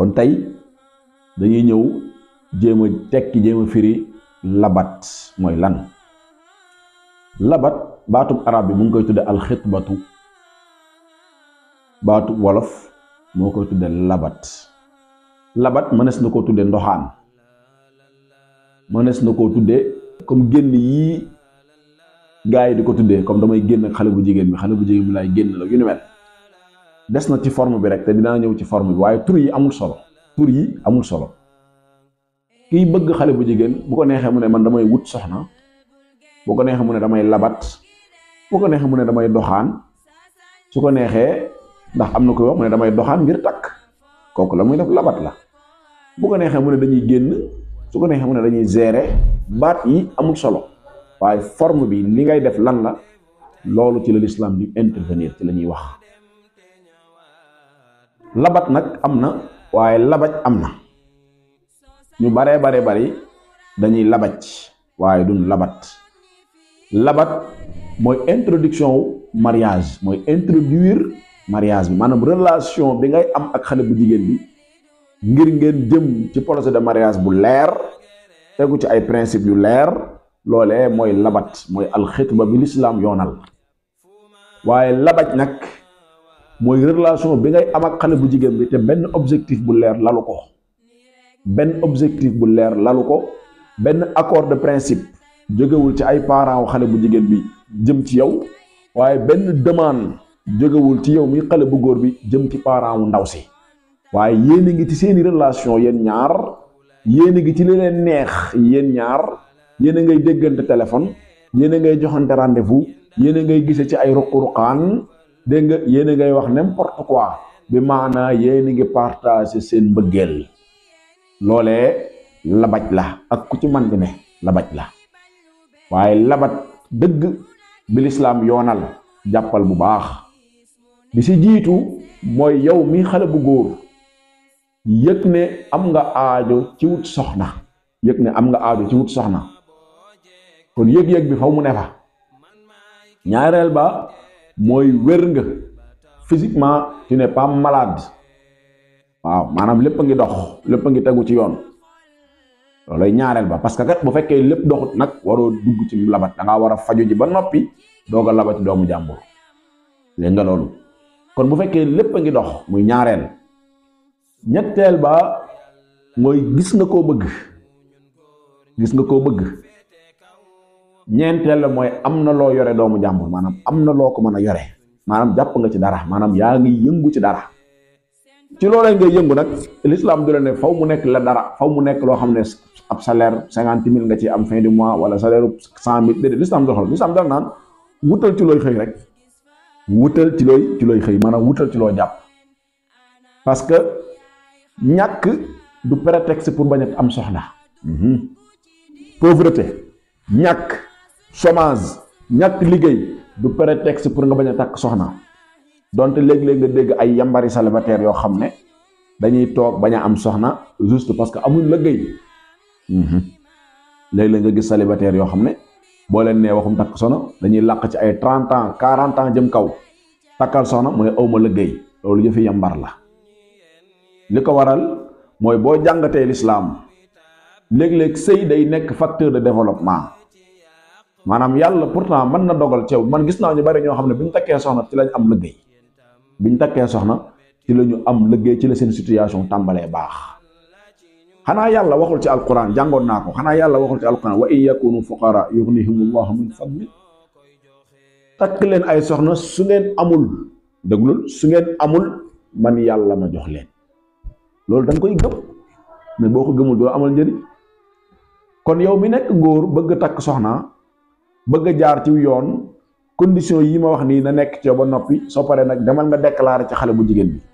kon tey dañuy ñëw jéem a tekki jéem firi labat mooy lan labat baatub arab bi mu ngi koy tudde alxitbatu baatub wolof moo koy tudde labat labat mënees na koo tuddee ndoxaan mënees na koo tudde comme génn yii gaa yi di ko tuddee comme damay génn ak xale bu jigéen bi xale bu jigéen bi laay génn la yu ni mel des na ci forme bi rek te dinaa ñëw ci forme bi yi amul solo turi yi amul solo ki bëgg xale bu jigéen bu ko neexee mu ne man damay wut soxna bu ko mu ne damay labat bu ko neexee mu ne damay doxaan su ko neexee ndax am na koy wax mu ne damay doxaan ngir takk kooku la muy def labat la bu ko neexee mu ne dañuy génn su ko neexee mu ne dañuy baat yi amul solo waaye forme bi li ngay def lan la loolu ci di intervenir ci la wax labat nag am na waaye labat am na ñu baree bare bari dañuy labat waaye duñ labat labat mooy introduction wu mariage mooy introduire mariage bi maanaam relation bi ngay am ak xale bu jigéen bi ngir ngeen jëm ci projet de mariage bu leer tegu ci ay principe yu leer loole mooy labat mooy alxitba bi lislaam yoonal waaye labaj nag mooy relation bi ngay am ak xale bu jigéen bi te benn objectif bu leer lalu ko benn objectif bu leer lalu ko benn accord de principe jógewul ci ay parents wu xale bu jigéen bi jëm ci yow waaye benn demande jógewul ci yow mi xale bu góor bi jëm ci parent wu ndaw si waaye yéen ngi ci seeni relation yéen ñaar yéen a ngi ci li leen neex yéen ñaar yéen ngay déggante téléphone yéen ngay joxante rendez fu yéen ngay gise ci ay ruq-ruqaan dégg nga yéen ngay wax n'importe quoi bi maanaa yéen a ngi partager seen mbëggeel loolee labaj la ak ku ci man di ne labaj la waaye labat dëgg bi yoonal jàppal bu baax bi si jiitu mooy yow mi xale bu góor yëg ne am nga aajo ci wut soxna yëg ne am nga aajo ci wut soxna kon yëg-yëg bi faw mu ne fa ñaareel ba mooy wér nga physiquement tu ne pas malade waaw maanaam lépp a ngi dox lépp a ngi tegu ci yoon loolay ñaareel ba parce que bu fekkee lépp doxut nag waroo dugg ci labat da ngaa a faju ji ba noppi doog a labati doomu jàmbur léegi nga loolu kon bu fekkee lépp a ngi dox muy ñaareel ñetteel ba mooy gis nga koo bëgg gis nga koo bëgg ñeenteel la mooy am na loo yore doomu jàmbur maanaam am na ko mën a yore maanaam jàpp nga ci dara maanaam yaa ngi yëngu ci dara ci loolee ngay yëngu nag l'islam du la ne faw mu nekk la dara faw mu nekk loo xam ne ab salaire cinquante mille nga ci am fin du mois wala salaire cent mille déedéet l'islam doxal l'islam dal naan wutal ci looy xëy rek wutal ci looy ci looy wutal ci parce que du prétexte pour bañ am soxna mhm. pauvreté chômage ñàkk liggéey du prétexte pour nga bañ a takk soxna donte léeg-léeg nga dégg ay yambari célibataire yoo xam ne dañuy toog bañ am soxna juste parce que amuñ liggéey mhm. léeg-léeg nga gis célibataire yoo xam ne boo leen nee waxum takk soxna dañuy làq ci ay trente ans quarante ans jëm kaw takkal soxna mu ne awma liggéey loolu yëfi yambar la li ko waral mooy boo jàngatee lislaam léeg-léeg sëy day nekk facteur de développement maanaam yàlla pourtant mën na dogal ceew man gis naa ñu bari ñoo xam ne bi ñu takkee soxna ci lañ am liggéey bi ñu takkee soxna ci la ñu am liggéey ci la seen situation tàmbalee baax xanaa yàlla waxul ci alquran jàngoon naa ko xanaa yàlla waxul ci alquran wa in yakunu fuqara yughnihimullahu min fadli takk leen ay soxna su ngeen amul déglul su ngeen amul man yàlla ma jox leen loolu da nga koy gëm mais boo ko gëmul doo amal njëriñ kon yow bi nekk góor bëgg takk soxna bëgg a jaar ci yoon condition yi ma wax nii na nekk ci yow ba noppi soo paree nag demal nga déclarer ci xale bu jigéen bi